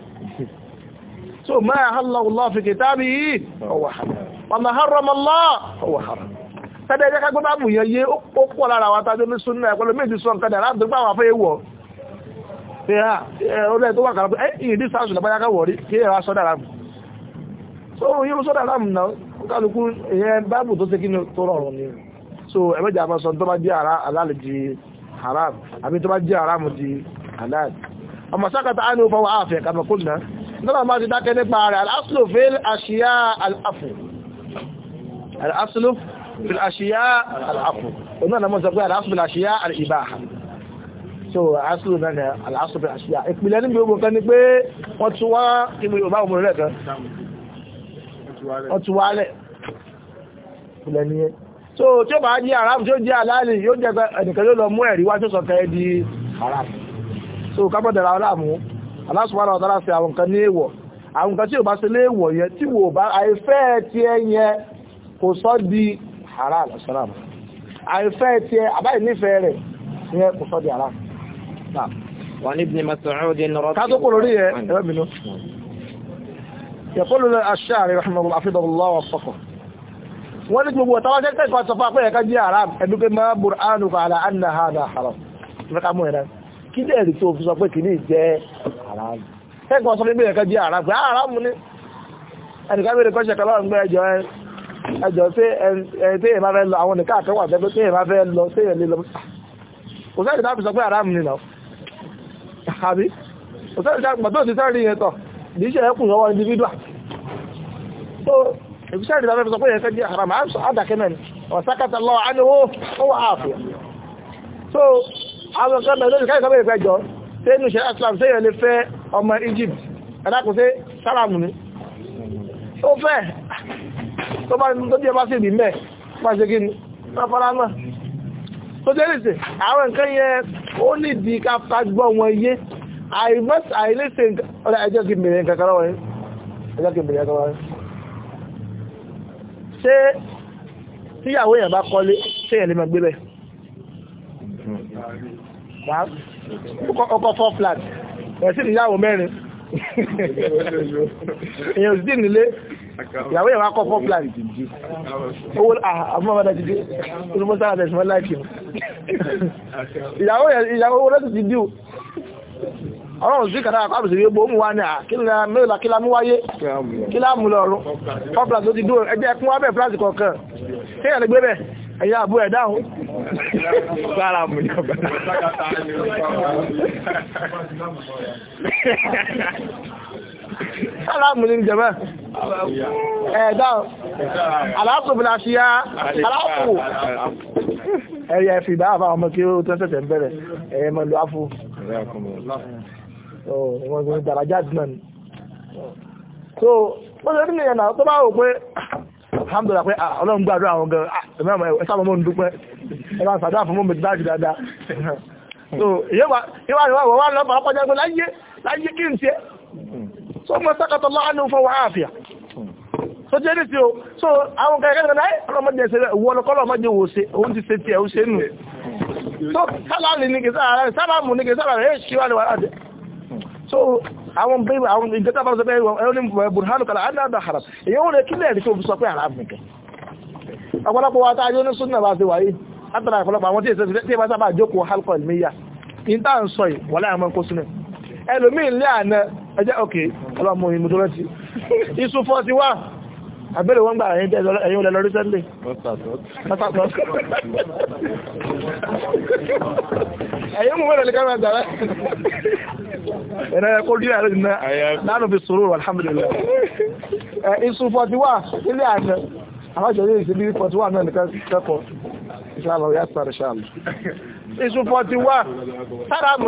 so ma hallallahu Allah fi kìtàbí yìí ọwà hàrọ̀. wọ́n ma harrama Allah ọwà tẹ́lẹ̀ ẹjẹ́ kágbọ́n báàbù yẹn yé ó pọ̀ lára wa tájọ́ ní súnà ẹ̀pọ̀lọ́ méjì sọ nǹkan dà wà fẹ́ wọ̀ ọ̀rẹ́ so yíò sọ́dà ráàmù náà kálukú ìyẹn báàbù tó ṣe kí so ẹ̀mẹ́jà máa sọ tó halal di haram àbí tó bá haram di halal ọmọ sákàtà ti dákẹ́ nípa rẹ̀ al-aslu fil ashiya al fil àṣìyá àfò òun náà mọ́ sọ pé àlàáfù fil àṣìyá àìbáhà so àṣìlò náà ni àlàáfù fil àṣìyá ìpìlẹ̀ níbi ogun kan ni pé wọ́n tún wá ibi yorùbá òmùrù rẹ̀ kan wọ́n tún wálẹ̀ ìpìlẹ̀ ni so tí ó bá jẹ́ àràmù tí ó jẹ́ àlàálì yóò jẹ́ ẹnìkan yóò lọ mú ẹ̀rí wá tó sọ̀tẹ́ di àràmù so kábọ̀dẹ̀ra ọlàmù aláṣùwárà ọ̀tọ́lá sí àwọn nǹkan ní èèwọ̀ àwọn ara àlọ́sọ́rà mọ́ àìfẹ́ tí ẹ àbáyé nífẹ̀ẹ́ rẹ̀ ní ẹ kò sọ́ di ara wọ́n ní ibn Mas'ud nọ́rọ́ ká tó kò lórí ẹ ẹ̀rọ mi nù يقول الشاعر رحمه الله حفظه الله وفقه wọ́n ní gbogbo ọ̀tọ́wọ́ jẹ́ tẹ́kọ̀ọ́ sọ fún àpẹẹrẹ kan jẹ́ haram ẹ̀dùkẹ́ máa burhanu fa ala anna hada haram mẹ́ka mú ẹ̀rẹ́ kí lè rí tó fi sọ pé kìíní jẹ́ haram tẹ́kọ̀ọ́ sọ pé ah, haram ní ẹnìkan mẹ́rin ẹjọ́ tí èyàn bá fẹ́ lọ àwọn nìkan àkẹwà tẹ́gbẹ́ tí èyàn bá fẹ́ lọ tí èyàn lè lọ kò sẹ́yìn tábì sọ pé àrámù nìlọ àbí kò sẹ́yìn tábì pàtó ti sẹ́rìn yẹn tọ̀ ní iṣẹ́ ẹkùn lọ́wọ́ individual so ìfisẹ́ ìdílé fẹ́ sọ pé yẹn fẹ́ jẹ́ àrámù àdàkẹ́ mẹ́rin ọ̀sákàtà lọ àníwó ó wà áàfù so àwọn kan bẹ̀rẹ̀ lórí káyọ̀kọ́ bẹ̀rẹ̀ fẹ́jọ́ tí inú ṣe islam tí èyàn lè fẹ́ ọmọ Egypt ẹ̀dàkùn sí sáràmù ni ó fẹ́ tó bá tó díẹ̀ bá sì rí mẹ́ bá ṣe kí ni wọ́n fara náà tó jẹ́ lè ṣe àwọn nǹkan yẹn ó ní ìdí káfíńtà gbọ́ wọn yé àìmọ́sí àìlèṣe ọ̀rẹ́ ẹjọ́ kí mèrè kankan wọ́n ẹjọ́ kí mèrè kankan wọ́n ṣé tíyàwó èèyàn bá kọ́lé ṣé èèyàn lè máa gbé bẹ́ẹ̀ ọkọ̀ four flat ẹ̀ sì níyàwó mẹ́rin èèyàn ò sì nílé ìyàwó ìwà kọ́ fọ́ plan jìjì owó àmọ́mọ́dá jìjì olùmọ́sára tẹ̀sùmọ́ láìpì ìyàwó ìyàwó lẹ́sì ti díò ọlọ́run sí kàtàkà pàbùsì rí gbogbo mú wá ní àkílá kílá mú wáyé kílá mú lọ́rún fọ́pùlà tó ti dúró ẹgbẹ́ ẹkún wábẹ̀ pláàsì kọ̀ọ̀kan tí ẹ̀lẹ́ gbé bẹ̀ ẹ̀yà àbú ẹ̀dá ohun sára mú ní ọgbà aláàmù ní jẹ̀mẹ́ ẹ̀dá aláàpù bí láti yá aláàpù ẹ̀yẹ fi bá àbá ọmọ kí ó tẹ́sẹ̀tẹ̀ bẹ̀rẹ̀ ẹ̀yẹ mọ̀ lọ́fù wọ́n gbọ́n dàrájá dínà ni so ó lè nílẹ̀ yẹn tó bá wò pé alhamdulillah pé ah, ọlọ́run gbàdúrà àwọn gan ah, ẹ̀sà mọ́mọ́ ń dúpẹ́ ẹ̀rọ àṣàdá fún mọ́mọ́ dájú dáadáa so ìyẹ́wà ìwà ìwà wọ́n lọ́pàá pọ́jẹ́ pé láyé kí n ṣe So, ثم سقط الله عنه فهو عافية so jẹ́ nítí o so àwọn kẹ́kẹ́ náà ọlọ́mọdé ẹ̀sẹ̀ rẹ̀ wọ́n lọ́kọ́lọ́mọdé wò ṣe oún ti ṣe tí ẹ̀ ṣe nù so sálàmù ní kìsára sálàmù ní kìsára rẹ̀ ṣíwá ní wàhálà jẹ́ so àwọn bẹ́ẹ̀ àwọn ìjẹta bá sọ pé ẹ̀rọ ní burhanu kala anáda haram èyí ó rẹ̀ kí lẹ́ẹ̀rí tó fi sọ pé haram nìkan ọ̀pọ̀lọpọ̀ wa táa yóò ní súnà bá ṣe wáyé látara ọ̀pọ̀lọpọ̀ àwọn tí èsẹ̀ tí ìbá sábà jókòó halkọ̀ ìmíyà ní táà ń sọ yìí wọ́lá àmọ́ kó súnà ẹlòmíì lé àná ẹjẹ́ òkè ọlọ́mọ ìmú tó rẹ́tí isu 41 àbẹ́rẹ̀ wọ́n gbà ẹ̀yìn olẹ́lọ rí sẹ́lẹ̀ ẹ̀yìn mú mẹ́rẹ̀ lẹ́kàrà àgbàrá ẹ̀rẹ́ kó rí àrẹ́ ìná lánà fi sùúrù alhamdulillah isu 41 ilé àṣẹ àwọn ìṣẹ̀lẹ̀ ìṣẹ̀lẹ̀ 41 náà nìkan kẹ́kọ̀ọ́ inshallah yásàrẹ̀ inshallah isu 41 sára mú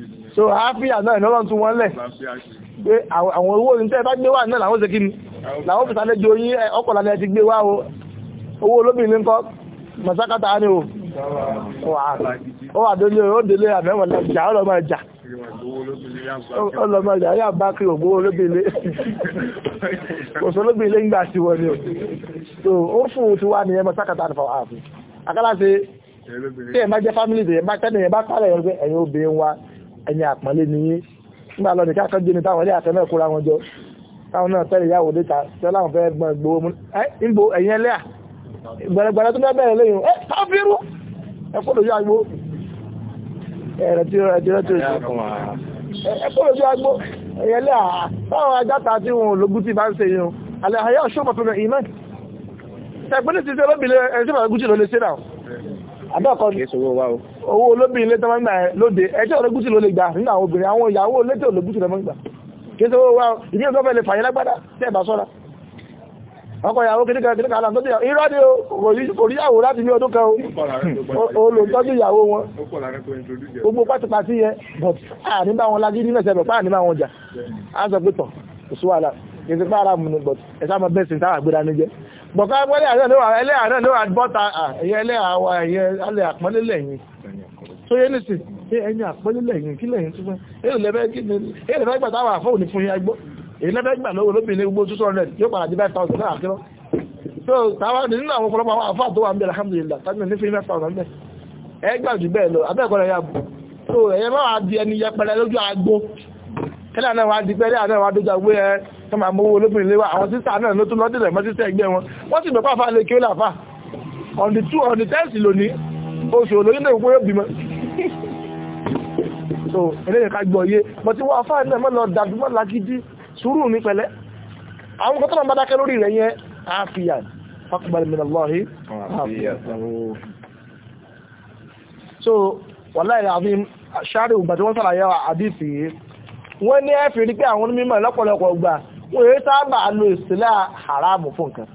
so àáfíà náà ìnáwó tún wọ́n lẹ̀ pé àwọn owó ní tẹ́ẹ̀ bá gbé wà náà làwọn ṣekí ni làwọn fìta lẹ́jọ yí ọkọ̀lá lẹ́ ti gbé wá o owó olóbìnrin kọ́ masakata ni o ó wà délé ó délé àmẹ́wọ̀n lẹ́jà ọlọ́mọ ẹjà ọlọ́mọ ẹjà yà bá kí ògbó olóbìnrin kò sọ olóbìnrin ń gbà sí wọn ni o so ó fún un ti wá nìyẹn masakata ni fọwọ́ àfin akálàṣe tí ẹ̀ má jẹ́ fámìlì tẹ̀yẹ̀ bá tẹ́lẹ̀ yẹn bá kálẹ̀ yẹn pé ẹ̀yin obìnrin wa ẹni àpọ́nlé ni yín nígbà lọ nìkan kan gbéni táwọn ilé àtẹ náà kóra wọn jọ táwọn náà tẹ́lẹ̀ ìyàwó déta tẹ́lẹ̀ àwọn fẹ́ gbọ́n gbowó mú níbo ẹ̀yìn ẹlẹ́à gbẹ̀rẹ̀gbẹ̀rẹ̀ tó bẹ́ẹ̀ bẹ̀rẹ̀ lẹ́yìn ẹ káfíru ẹ kó lójú agbo ẹ̀rẹ̀ tí ó ti rẹ́tò ẹ kó lójú agbo ẹ̀yìn ẹlẹ́à táwọn ajáta tí wọn lógún ti bá ń ṣe yìí alẹ́ ayé ọ̀ṣọ́ pàtàkì ìmọ̀ ẹgbẹ́ ní ti ṣe lóbìnrin ẹ̀ owó olóbìnrin lẹ́tọ́ máa ń gbà lóde ẹjọ́ ológúsù ló lè gbà nínú àwọn obìnrin àwọn ìyàwó lẹ́tọ́ ológúsù lọ máa ń gbà kí ṣe owó wa ìdí ẹ̀kọ́ fẹ́ lè fàyẹ lágbádá tẹ́ ẹ̀bà sọ́ra ọkọ̀ ìyàwó kìnnìkan kìnnìkan alam tó ti irọ́ ni kò rí ìyàwó láti ní but a ní bá wọn lájú ní mẹ́sẹ̀ bọ̀pá ní bá wọn jà á sọ pé but ẹ̀sà máa bẹ́ẹ̀ sí sáà gbéra ní jẹ́ bọ̀ká ẹlẹ́yà náà ló wà bọ́ta ẹ̀yẹ ẹlẹ́yà àwọn alẹ́ àpọ́nlélẹ̀ tó yé nìsí pé ẹni àpọ́lé lẹ́yìn kí lẹ́yìn tó fẹ́ èyí lẹ́fẹ́ gbà táwà fóò ní fún ẹgbọ́ èyí lẹ́fẹ́ gbà lọ́wọ́ lóbìnrin gbogbo 200 yóò padà di 5000 náà kírọ́ so táwà nínú àwọn ọ̀pọ̀lọpọ̀ àwọn àfáà tó wà ń bẹ alhamdulillah tàbí ní fún 5000 bẹ́ẹ̀ ẹgbà jù bẹ́ẹ̀ lọ abẹ́ẹ̀kọ́ ya bù so ẹ̀yẹ máa wá di ẹni yẹpẹrẹ lójú agbo kẹ́lẹ́ náà wá di pẹ́lẹ́ náà wá dójà wé ẹ tó máa mówó olóbìnrin léwà àwọn sísà náà ló tún lọ́dẹ̀lẹ̀ mọ́ sísà ẹgbẹ́ wọn wọ́n sì mẹ́pàá fà lè kí ó làfà on the two on the tenth lónìí oṣù olóyún náà gbóyò bímọ so eléyìí ká gbọ́ yé bọ́ tí wọ́n afá ẹ̀ náà mọ́lọ dàbí mọ́ lágídí sùúrù ní pẹ̀lẹ́ àwọn kan tọ́nà bá dákẹ́ lórí rẹ̀ yẹn àáfíà faqbal min Allahi so wallahi azim ṣáàrí ògbà tí wọ́n sàlàyé àdìsí wọ́n ní ẹ́ fi rí pé àwọn onímọ̀ lọ́pọ̀lọpọ̀ gbà wọ́n èyí sábà lo ìsìlẹ̀ haramu fún nǹkan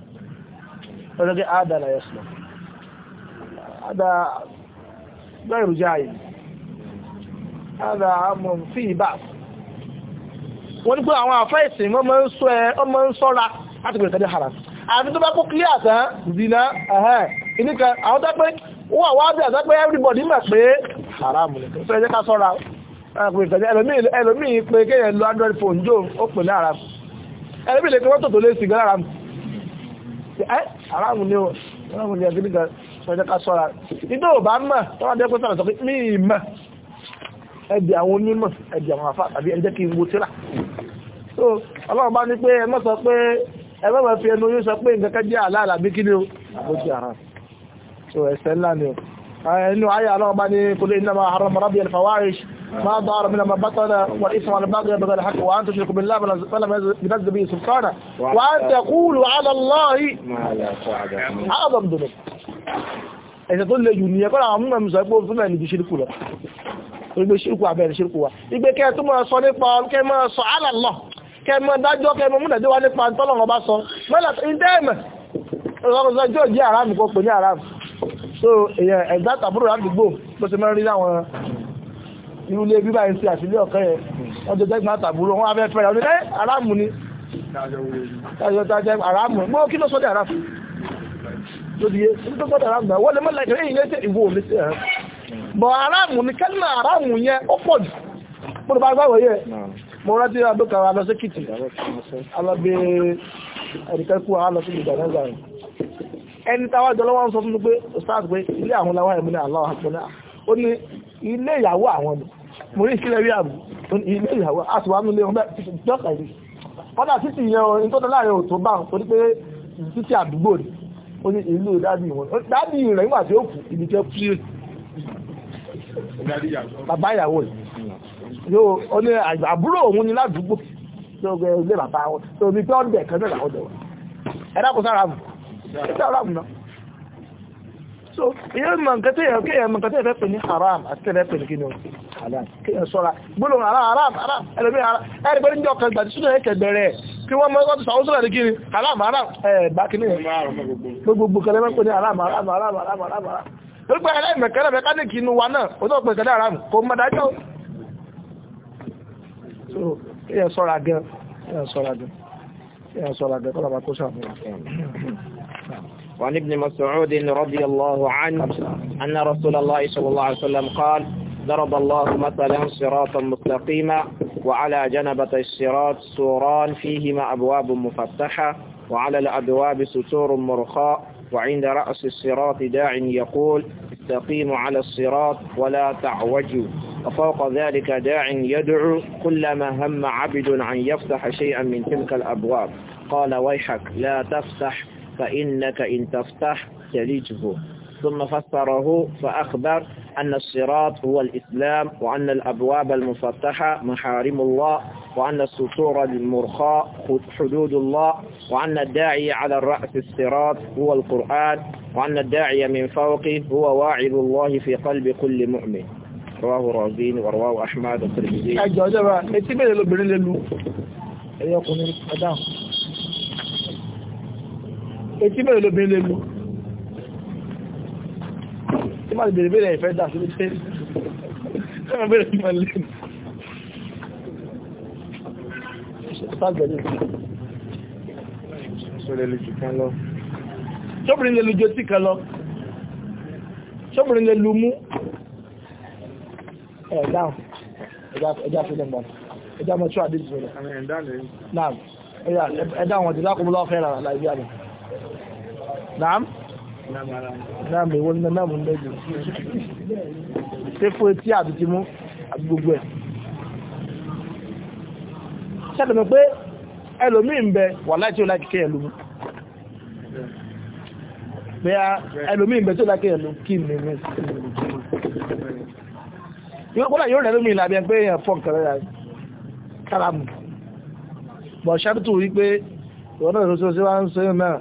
lọ́dọ́gẹ́ àdàlà yẹ̀sùn غير جائز هذا عام فيه بأس wọ́n ní pé àwọn àfẹ́ ìsìn wọ́n máa ń sọ ẹ wọ́n máa ń sọ́ra láti bẹ̀rẹ̀ tẹ́lẹ̀ haram àti tó bá kó clear àtàn zina ẹ̀hẹ́n ìníkan àwọn tó pé wọ́n àwọn àbí àtàn pé everybody mọ̀ pé haram ni tó ẹjẹ́ ká sọ́ra ẹlòmíì pé kéèyàn lo android phone haram ẹlòmíì lè haram haram ni ó haram ni sọ́jẹ́ ká sọ́ra nítorí ò bá mọ̀ tọ́wọ́ jẹ́ pé sọ́rọ̀ sọ pé mí mọ̀ ẹbí àwọn onímọ̀ ẹbí àwọn afá so ọlọ́run bá ní pé ẹ mọ́ sọ pé ẹ mọ́ fi ẹnu yóò sọ pé nǹkan kan jẹ́ kí ni o ó àrà so ẹ̀ṣẹ̀ ńlá ni o انه آية على رغبني قل انما حرم ربي الفواحش ما ظهر منها ما بطن والاثم على الباقي بغير الحق وان تشركوا بالله فلم ينزل به سلطانا وان تقولوا على الله اعظم ذنوب ẹ̀sẹ̀ tó le jù nìyẹn kọ́nà àwọn múnà mùsọ̀ ipò fún ẹni ju ṣírkù lọ orígbé ṣírkù àbẹ̀rẹ̀ ṣírkù wa igbe kẹ́ tó máa sọ nípa kẹ́ máa sọ àlàlọ́ kẹ́ máa dájọ́ kẹ́ máa múnà déwà nípa tọ́lọ̀rọ̀ bá sọ mẹ́lá so èèyàn ẹ̀gbá tàbúrò ládùúgbò ló ṣe mẹ́rin rí àwọn irú ilé bíbá yìí sí àṣìlẹ̀ ọ̀kẹ́ yẹn wọ́n jọ jẹ́ ìgbà tàbúrò wọ́n abẹ́ fẹ́ra ọdún ẹ́ eh, aráàmù ni tájọ tájọ aráàmù mọ́ kí ló sọ́dọ̀ aráàmù tó di yé tó sọ́dọ̀ aráàmù wọ́n lè mọ́ lẹ́kẹ̀ẹ́ yìí lẹ́sẹ̀ ìwò òun lẹ́sẹ̀ ẹ̀ bọ̀ aráàmù ni kẹ́lá aráàmù yẹn ó pọ̀ jù mo lọ bá gbáwọ̀ yẹ mo rántí àdókàwà lọ sí kìtì alábẹ́ ẹ̀ríkẹ́kù àlọ́ ìgbà náà ẹni táwa jọ lọ́wọ́ ń sọ fún pé stars pé ilé àwọn làwọn ẹ̀mí ní àlọ́ àpọ̀lá ó ní ilé ìyàwó àwọn ni mo rí ìkílẹ̀ rí àbù ilé ìyàwó àtiwá nílé ọmọ ìjọkà rí kọ́dà títì yẹn o ní tó tọ́ láàrin òtó bá ń pé títì àdúgbò ni ó ní ìlú dádì wọn dádì rẹ̀ nígbà tí ó kù ibi tẹ́ kú sí bàbá ìyàwó rẹ̀ yóò ó ní àbúrò òun ni ládùúgbò tó gbé ilé bàbá wọn tó ní pé ọ̀dẹ̀ kan náà làwọn jẹ wọn ẹ̀dá kò sára bù it's haram náà so ìyẹn mọ̀ nǹkan tó yẹ kéèyàn mọ̀ nǹkan tó yẹ fẹ́ pè ní haram àti kéèyàn fẹ́ pè ní kíni o haram kéèyàn sọ́ra gbólóhùn haram haram haram ẹlòmíì haram ẹ̀rí pé níjọ́ kan gbàdí súnà ẹ̀kẹ́ bẹ̀rẹ̀ kí wọ́n mọ̀ ọ́tún sàwọ́sùn rẹ̀ kíni haram haram ẹ̀ bá kíni gbogbo kan lẹ́mọ̀ pé ní haram inú wa náà ó tó pè kẹ́lẹ́ kò mọ̀ dájọ́ so kéèyàn sọ́ra gan kéèyàn sọ́ra gan kéèyàn sọ́ra gan وعن ابن مسعود رضي الله عنه أن رسول الله صلى الله عليه وسلم قال ضرب الله مثلا صراطا مستقيما وعلى جنبة الصراط سوران فيهما أبواب مفتحة وعلى الأبواب ستور مرخاء وعند رأس الصراط داع يقول استقيموا على الصراط ولا تعوجوا وفوق ذلك داع يدعو كلما هم عبد عن يفتح شيئا من تلك الأبواب قال ويحك لا تفتح فإنك إن تفتح تلجه ثم فسره فأخبر أن الصراط هو الإسلام وأن الأبواب المفتحة محارم الله وأن السطور المرخاء حدود الله وأن الداعي على الرأس الصراط هو القرآن وأن الداعي من فوقه هو واعظ الله في قلب كل مؤمن رواه رازين ورواه أحمد الترمذي أجل أجل أيوة، etí mẹ́rin lóbin lè mú tí máa bèèrè bèèrè ìfẹ́ dà sí lóṣẹ́ ẹ̀rọ bèèrè ìfẹ́ lè mú ṣọ́bìnrin lè lu jẹ́ tí kan lọ ṣọ́bìnrin lè lu mú ẹ̀dáhùn ẹjá fílẹ̀ mọ́ ẹjá mọ́ tí ó àdíjì rẹ̀ ẹ̀dáhùn ẹ̀dáhùn ọ̀dìdá kùnmọ́lá ọ̀fẹ́ rà láìbí àdìjì Naam? Naam, èwo ni náà mú lẹ́jù. Ṣé fún etí àbí ti mú àbí gbogbo ẹ̀? Ṣẹ́dọ̀ mi pé ẹlòmíì ń bẹ wà láì tí ó láì kíkẹ́ ẹ̀lú. Bẹ́ẹ̀ ẹlòmíì ń bẹ tí ó láì kíkẹ́ ẹ̀lú kí ni mi sí. Ìwọ́n kọ́lá yóò rẹ̀ lómi ìlàbí ẹ̀ pé èèyàn fọ́n kẹrẹ́ káràmù. Bọ̀ ṣáàtútù wípé ìwọ́n náà ló sọ sí wá ń sọ náà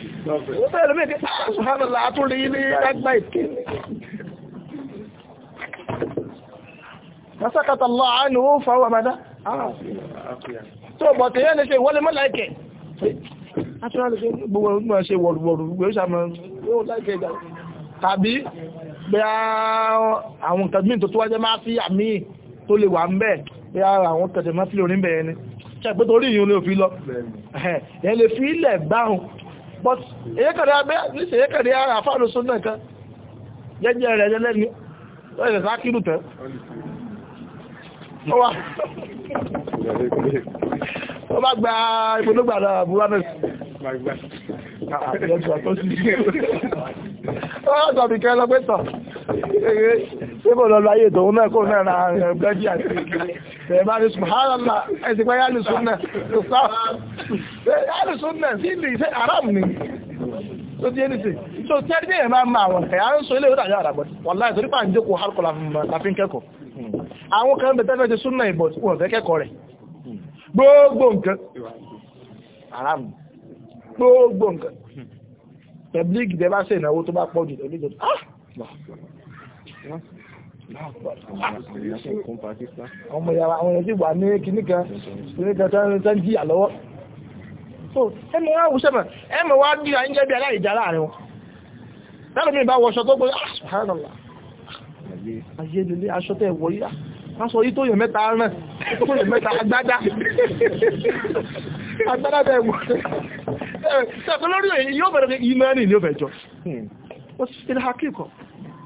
ó bẹ̀rẹ̀ méjì ṣùgbọ́n látúrí ní ẹgbà ìkéni masakata lọ àánú ó fàwọ́ àmàdá tó bọ̀ tí yẹ́ ní ṣe wọlé mọ́lá ẹ̀kẹ́ tàbí bí àwọn kẹ̀dùmí tó tó wájẹ́ máa fi àmì tó lè wà ń bẹ̀ bí àwọn kẹ̀dùmí máa fi lè orí bẹ̀ẹ́ ni ṣẹ́gbẹ́ torí ìyún lè fi lọ ẹ̀ lè fi ilẹ̀ báhùn but èyẹ́kẹ̀rẹ́ abẹ́ níṣẹ́ èyẹ́kẹ̀rẹ́ ara àfáàlù súnnà kan jẹ́jẹ́ rẹ̀ jẹ́lẹ́ni lọ́yẹ̀ sákìrù tẹ́ ó bá gba ìpológbà náà búrá mẹ́sì síbò lọ láyé tòun náà kó náà ra bẹ́ẹ̀dì àti ẹ̀bá ní ṣùgbọ́nà ẹ̀sìn pé yálù súnà yálù súnà sí ilé ni tó ti ẹni sí tó tẹ́rí ní ẹ̀má máa wọn ẹ̀yà ń sọ ilé ìwé àjọ àràbọ̀ wàláì torípa ń jókòó harkọ̀ láfin kẹ́kọ̀ọ́ àwọn kan bẹ̀ gbogbo nǹkan àwọn ọmọ yàrá àwọn èèyàn wà ní kinní kan kinní kan ń jìyà lọ́wọ́ so ẹ wá wùsẹ̀ mọ̀ ẹ wá bí i jẹ́ bí aláìjà láàrin wọn lẹ́nu bá wọṣọ tó gbóyá ṣàrànlá ayélulé aṣọ tẹ́ wọ yíra ah, aṣọ yí tó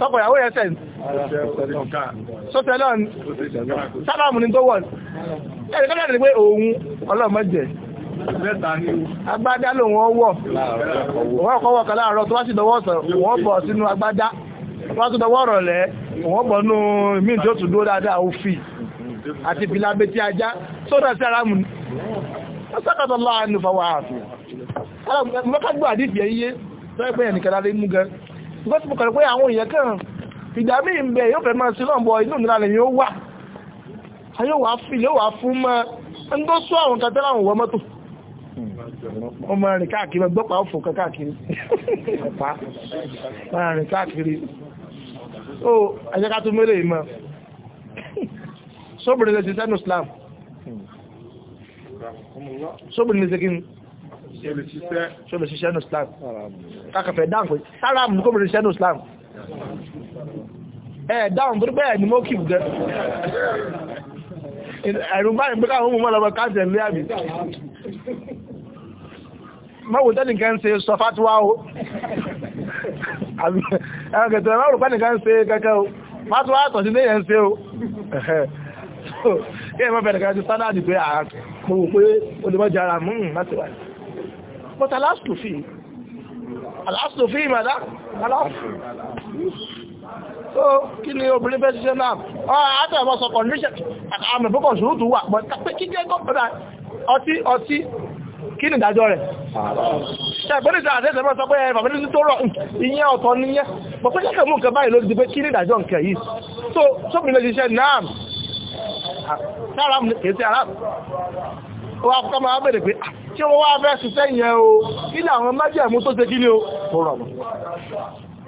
sọ́pọ̀ ìyàwó yẹn sẹ́n sọ́tẹ̀lọ́n sábàmù ní tó wọ́n ẹ̀rẹ́ kọ́lá ní pé òun ọlọ́mọ́jẹ̀ agbádá ló wọ́n wọ̀ wọ́n kọ́ wọ́n kàlá àrọ́ tó wá sí dọwọ́ ọ̀sán wọ́n bọ̀ sínú agbádá wọ́n tó dọwọ́ ọ̀rọ̀ lẹ́ wọ́n bọ̀ nú mí tí ó tún dúró dáadáa òfì àti ìbìlábé tí ajá sódà sí aráàmù sọ́kàtọ̀ lọ́ because mo kàn pé àwọn èèyàn kàn ìgbà míì ń bẹ yóò fẹ́ máa sí lọ́nbọ inú ìnira lè yóò wà a yóò wá fi yóò wá fún mọ́ ń tó sọ àwọn kan tẹ́lá àwọn wọ mọ́tò ọmọ rìn káàkiri gbọ́pàá ó fò káàkiri Islam sóbìnrin lè ṣe ṣe lè ṣiṣẹ́ ní islam kákàfẹ́ dáhùn pé sára mú kó bèèrè ṣiṣẹ́ ní islam ẹ̀ dáhùn tó bẹ́ẹ̀ ni mọ́ kì bù gẹ́ ẹ̀rù báyìí pé káwọn mọ́ lọ́wọ́ káàtẹ̀ ní àbí mọ́wò tẹ́lì kan ṣe sọ fatuwa o ẹ̀rù kẹtẹ̀ mọ́wò pẹ́lì kan ṣe kẹ́kẹ́ o fatuwa tọ̀ sí ní ẹ̀ ń ṣe o kí ẹ̀ but aláṣù fi aláṣù fi ìmọ̀dá aláṣù so kí ni obìnrin fẹ́ ṣiṣẹ́ náà ah, ọ́ àtẹ̀wọ́ sọ condition àmì púpọ̀ ṣùrùtù wà but pé kí jẹ́ gọ́ọ̀dá ọtí ọtí kí ni ìdájọ́ rẹ̀ ṣẹ̀gbọ́n ìjà àti ẹ̀sẹ̀ mọ́sọ pé ẹ̀fà mẹ́rin tó rọ̀ ìyẹn ọ̀tọ̀ níyẹn bọ̀ pé kẹ́kẹ́ mú nǹkan báyìí ló ti pé kí ni ìdájọ́ nǹkan yìí so sóbìnrin lè ṣiṣẹ́ náà sára kìí sí aráàmù wa akọ́kọ́ máa bẹ̀rẹ̀ pé tí ah, wọ́n wá fẹ́ ṣiṣẹ́ yẹn o kí ni àwọn májẹ̀mú tó ṣe kí ni o tó rọ̀ mọ́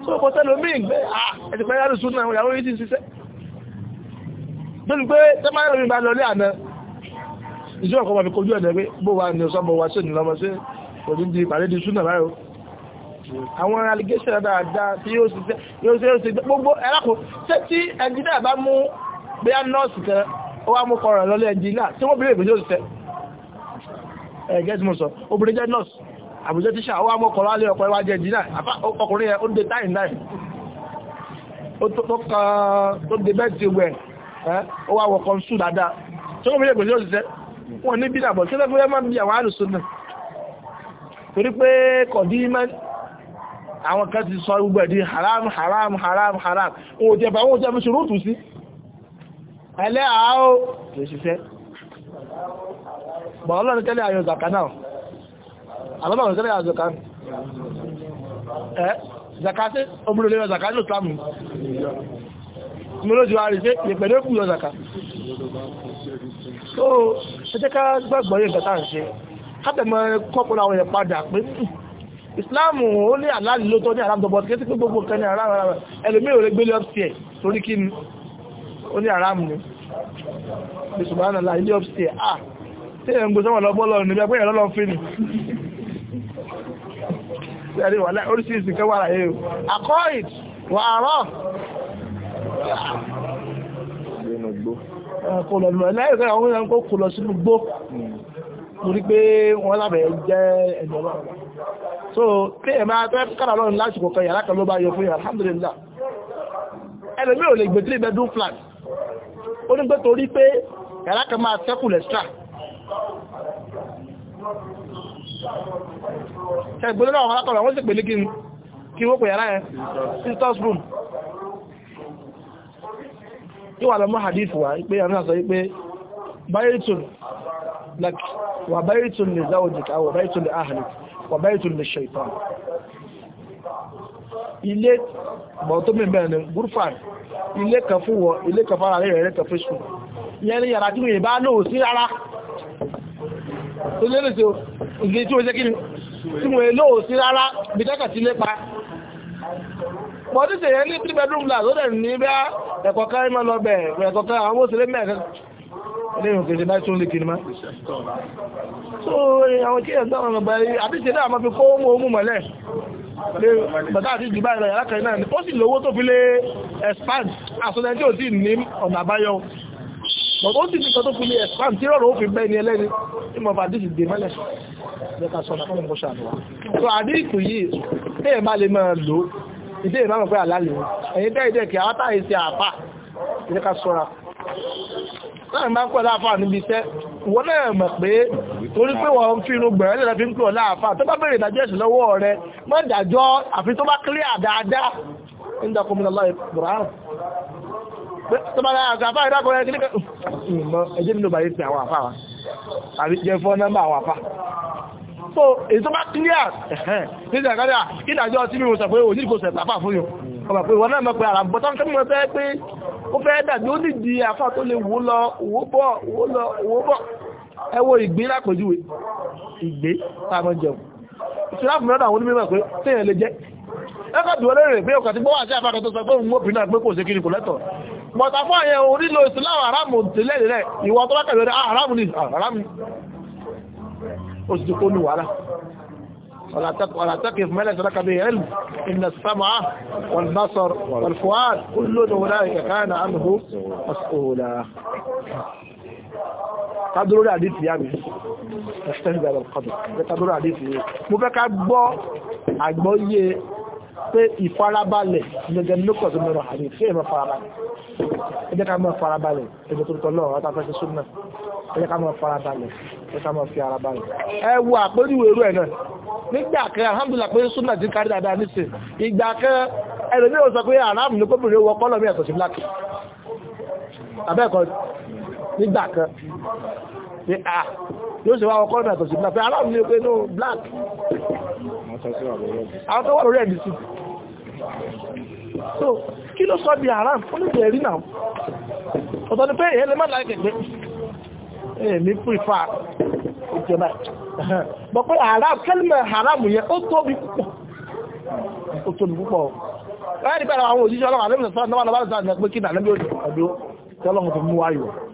tó kọ́ tẹ́lómìn gbé ah, ẹ̀tìpẹ́ yàrá ìṣúná ìyàwó yìí ti ṣiṣẹ́ lórí pé tẹ́máyàrá mi bá lọ lé wa ní ọ̀sán bọ̀ wá sí ìnìlọ́mọ sí òní di ìpàdé di ṣúnà báyìí àwọn allegation dáadáa tí yóò ṣiṣẹ́ yóò ṣe yóò ṣe gbogbo ẹ̀rákò ṣé tí ẹnjìnà bá mú bóyá nọ́ọ̀sì kan ó mú kọrọ̀ lọ́lé ẹnjìnà tí wọ́n bí ẹ̀gẹ́ tí mo sọ obìnrin jẹ́ nọ́ọ̀sì àbújẹ́ tíṣà ó wá mọ́kànlá alẹ́ ọkọ̀ ẹwà jẹ́ jìnà ọkùnrin ẹ̀ ó dé táì náà ó dé bẹ́ẹ̀ ti wẹ̀ eh, ó wá wọ̀ kan sùn dáadáa tí ó mìíràn gbèsè òṣìṣẹ́ wọn ní bídàbọ̀ tí ó fẹ́ máa ń bí àwọn àlùsùn náà torí haram haram haram haram òun ò jẹ́ bá wọn ò jẹ́ fi ṣòro tù sí bọ̀ ọlọ́run tẹ́lẹ̀ àyọ zaka náà alọ́bàrún tẹ́lẹ̀ àyọ zaka ẹ́ zaka tí obìnrin olè zaka ní ìtàmù mọ́lójú àrí sí ìpẹ̀lẹ̀ òkú yọ zaka so ṣẹ́jẹ́ ká gbọ́gbọ́ yóò gbọ́ta ṣe kábẹ̀mọ́ kọ́pọ̀ àwọn èèyàn padà pé ìsìláàmù hmm, ó ní àláàlì ló tọ́ ní àràmdọ̀bọ̀ tí kí gbogbo nǹkan ní àràmù ẹlòmí ò lè gbélé upstairs torí kí ni ó ní àràmù ni bí ṣùgbọ́n àlà ilé upstairs ah torí pé wọ́n lábẹ̀ jẹ́ ẹ̀jọ̀ lọ so tí ẹ̀ máa tẹ́ kára lọ́rùn láti kọ̀ọ̀kan yàrá kan ló bá yọ fún yàrá alhamdulillah ò lè gbé tí ìbẹ́dún flat ó ní pé torí pé yàrá kan máa tẹ́kù lẹ́stra ẹgbẹ̀rẹ̀ náà wọ́n látọ̀rọ̀ wọ́n sì pèlé kí kí wó pè yàrá ẹ̀ sisters room tí wà lọ́mọ́ hadith wà pé yàrá sọ wípé bayitun wà bayitun lè záwọ̀dìká wà bayitun lè ahàlì wà bayitun lè shaitan ilé bọ̀tọ́mì bẹ̀rẹ̀ gúrfàn ilé kan fún wọ ilé kan fún ara rẹ̀ rẹ̀ kan fún ṣùgbọ́n yẹn ni yàrá tí wọ́n yẹ bá lóò sí rárá tó lérè tí ó ìgbé tí ó jẹ́ kíni tí mo èlò ò sí rárá bí tẹ́kà sí lépa pọ̀dísẹ̀ yẹn ní three bedroom flat ó dẹ̀ ní bí ẹ̀kọ́ kárí máa lọ bẹ̀ ẹ̀kọ́ kárí àwọn òṣèré mẹ́ẹ̀kẹ́ lẹ́yìn òkèèrè bá tún lè kiri má so àwọn kí ẹ̀sán ọ̀nà bá rí àtìsẹ́ náà máa fi kó mú omú mọ̀lẹ́ bàtà àti jù báyìí lọ yàrá kan náà ó sì lówó tó fi lé expand àsọdẹ́ tí ò tí ní ọ̀nà àbáyọ but ó sì ní kan tó fi lè expand tí rọrùn ó fi bẹ́ẹ̀ ni ẹlẹ́ni tí mo bá díṣì dè mẹ́lẹ̀ lẹ́ka sọ́nà fún ọmọ ṣàlùwà so àdíkù yìí tí ẹ̀ bá lè máa lò ìdí ìmá mọ̀ pé àlálẹ̀ ẹ̀yìn tẹ́ ìdẹ́ kí àwátà ìsẹ àpá lẹ́ka sọ́ra láì máa ń pẹ̀lú àfà níbi iṣẹ́ wọ́n náà mọ̀ pé torí pé wọ́n fi inú gbẹ̀rẹ́ lẹ́la fi ń pè láàfà tó bá bèèrè ìdájọ́ ẹ̀sìn lọ́wọ́ rẹ mọ́ ìdájọ́ àfi tó bá kílíà dáadáa ń dákọ́mìnà láì bùrọ̀ tọ́bàrá àgbàfà ìdákọ̀ọ́rẹ́ kíníkà ìmọ̀ ẹjẹ́ nínú bàyé sí àwọn àfà wa àbí jẹ fọ́ nọ́mbà àwọn àfà so èyí tó bá clear nígbà kádà ìdájọ́ tí mi ò sọ pé ò ní kò sẹ̀tà fà fún yóò ọmọ pé ìwọ náà mọ̀ pé àràbọ̀ tán kí mọ̀ fẹ́ pé ó fẹ́ dàbí ó nìdí àfà tó lè wó lọ owó bọ̀ owó bọ̀ ẹ wo ìgbín lápèjúwe ìgbé táàmù jẹun ìtìláàfù mẹ́ta àwọn onímọ̀ pé téèyàn lè jẹ́ ẹ̀kọ́ dùn lérè pé ọkà ti gbọ́wà sí àfà kan tó sọ pé òun mọ̀ pínà pé kò sí kí ni kò lẹ́tọ̀ọ́ mọ̀tàfọ́ àyẹ̀ orílò ìsìláwà aráàmù tẹ́lẹ̀ rẹ̀ ìwọ tó bákẹ̀ lórí ah, aráàmù ní ah, aráàmù ó sì kó ní wàhálà ọ̀làtẹ́kì fún mẹ́lẹ̀ sọ́dọ́kà bí ẹ̀lù iná sámà wọlbásọ̀r wọlfọ́àd olóòdó wọlá ìkẹ̀kẹ́ àná àmìhó ọ̀sọ̀ọ̀lá kádúrórí àdìsí yàmì ẹ̀sẹ̀ ìgbàlọ̀ kọ́dù kádúrórí àdìsí mo fẹ́ ká pé ìfarabalẹ̀ gẹ́gẹ́ ní lókọ̀ tó mẹ́rọ àrí kí èèmọ̀ farabalẹ̀ ẹjẹ́ ká mọ́ farabalẹ̀ ẹjẹ́ tó tọ́ lọ́wọ́ wọ́n tafẹ́ sí súnmọ́ ẹjẹ́ ká mọ́ farabalẹ̀ ẹjẹ́ ká mọ́ fi ara balẹ̀ ẹ wo àpéjúwe irú ẹ̀ náà nígbà kẹ alhamdulillah pé súnmọ́ ti kárí dáadáa ní sìn ìgbà kẹ ẹlòmí ò sọ pé aram ní kóbìnrin wọ kọ́lọ̀ mi ẹ̀tọ́ sí black abẹ́ẹ̀kọ́ nígbà kan pé à ah, yóò ṣe wá ọkọ́ ìrìn àtọ̀sí black pé aláàbò ní pé no black àwọn tó wà lórí ẹ̀dì sí so kí ló sọ di haram ó lè bẹ̀rẹ̀ rí náà ọ̀tọ̀ ni pé èyẹ lè má láì kẹ̀gbẹ́ èmi pífà ìjọba bọ̀ pé haram kẹ́lìmẹ̀ haram yẹn ó tóbi púpọ̀ ó tóbi púpọ̀ láì rí pẹ̀lú àwọn òjíṣẹ́ ọlọ́run àlẹ́mìsàn náà lọ́wọ́ lọ́wọ́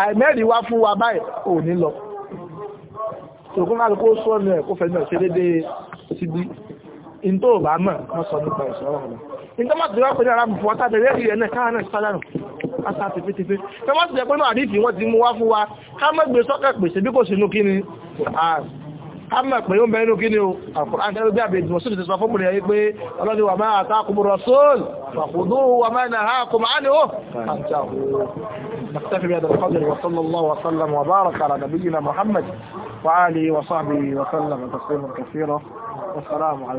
àìmẹ́rin wá fún wa báyìí ò ní lọ ṣòkún láti kó sọ́nù ẹ̀ kó fẹ́mẹ̀ ṣe dédé síbí in tó bá mọ̀ wọ́n sọ nípa ẹ̀ṣọ́ ọ̀rọ̀ in tó má ti wá pé ní ara mú fún wa tàbí rẹ́rì ẹ̀ náà káà náà sálárù ásá ti fi ti fi tó má ti jẹ́ pé náà àdìsí wọ́n ti mú wá fún wa ká mọ̀ gbé sọ́kẹ̀ pèsè bí kò sínú kíni ká mọ̀ pé ó mẹ́nu kíni o àkùrán tẹ́lú bí àbẹ̀ ìdìmọ̀ sílùú ti sọ fún rẹ̀ pé ọlọ́dún wà máa àtàkùn rọ̀ sóòlù fàkùdú wà máa nà á kùmọ̀ á نكتفي بهذا القدر وصلى الله وسلم وبارك على نبينا محمد اله وصحبه وسلم تسليما كثيرا والسلام عليكم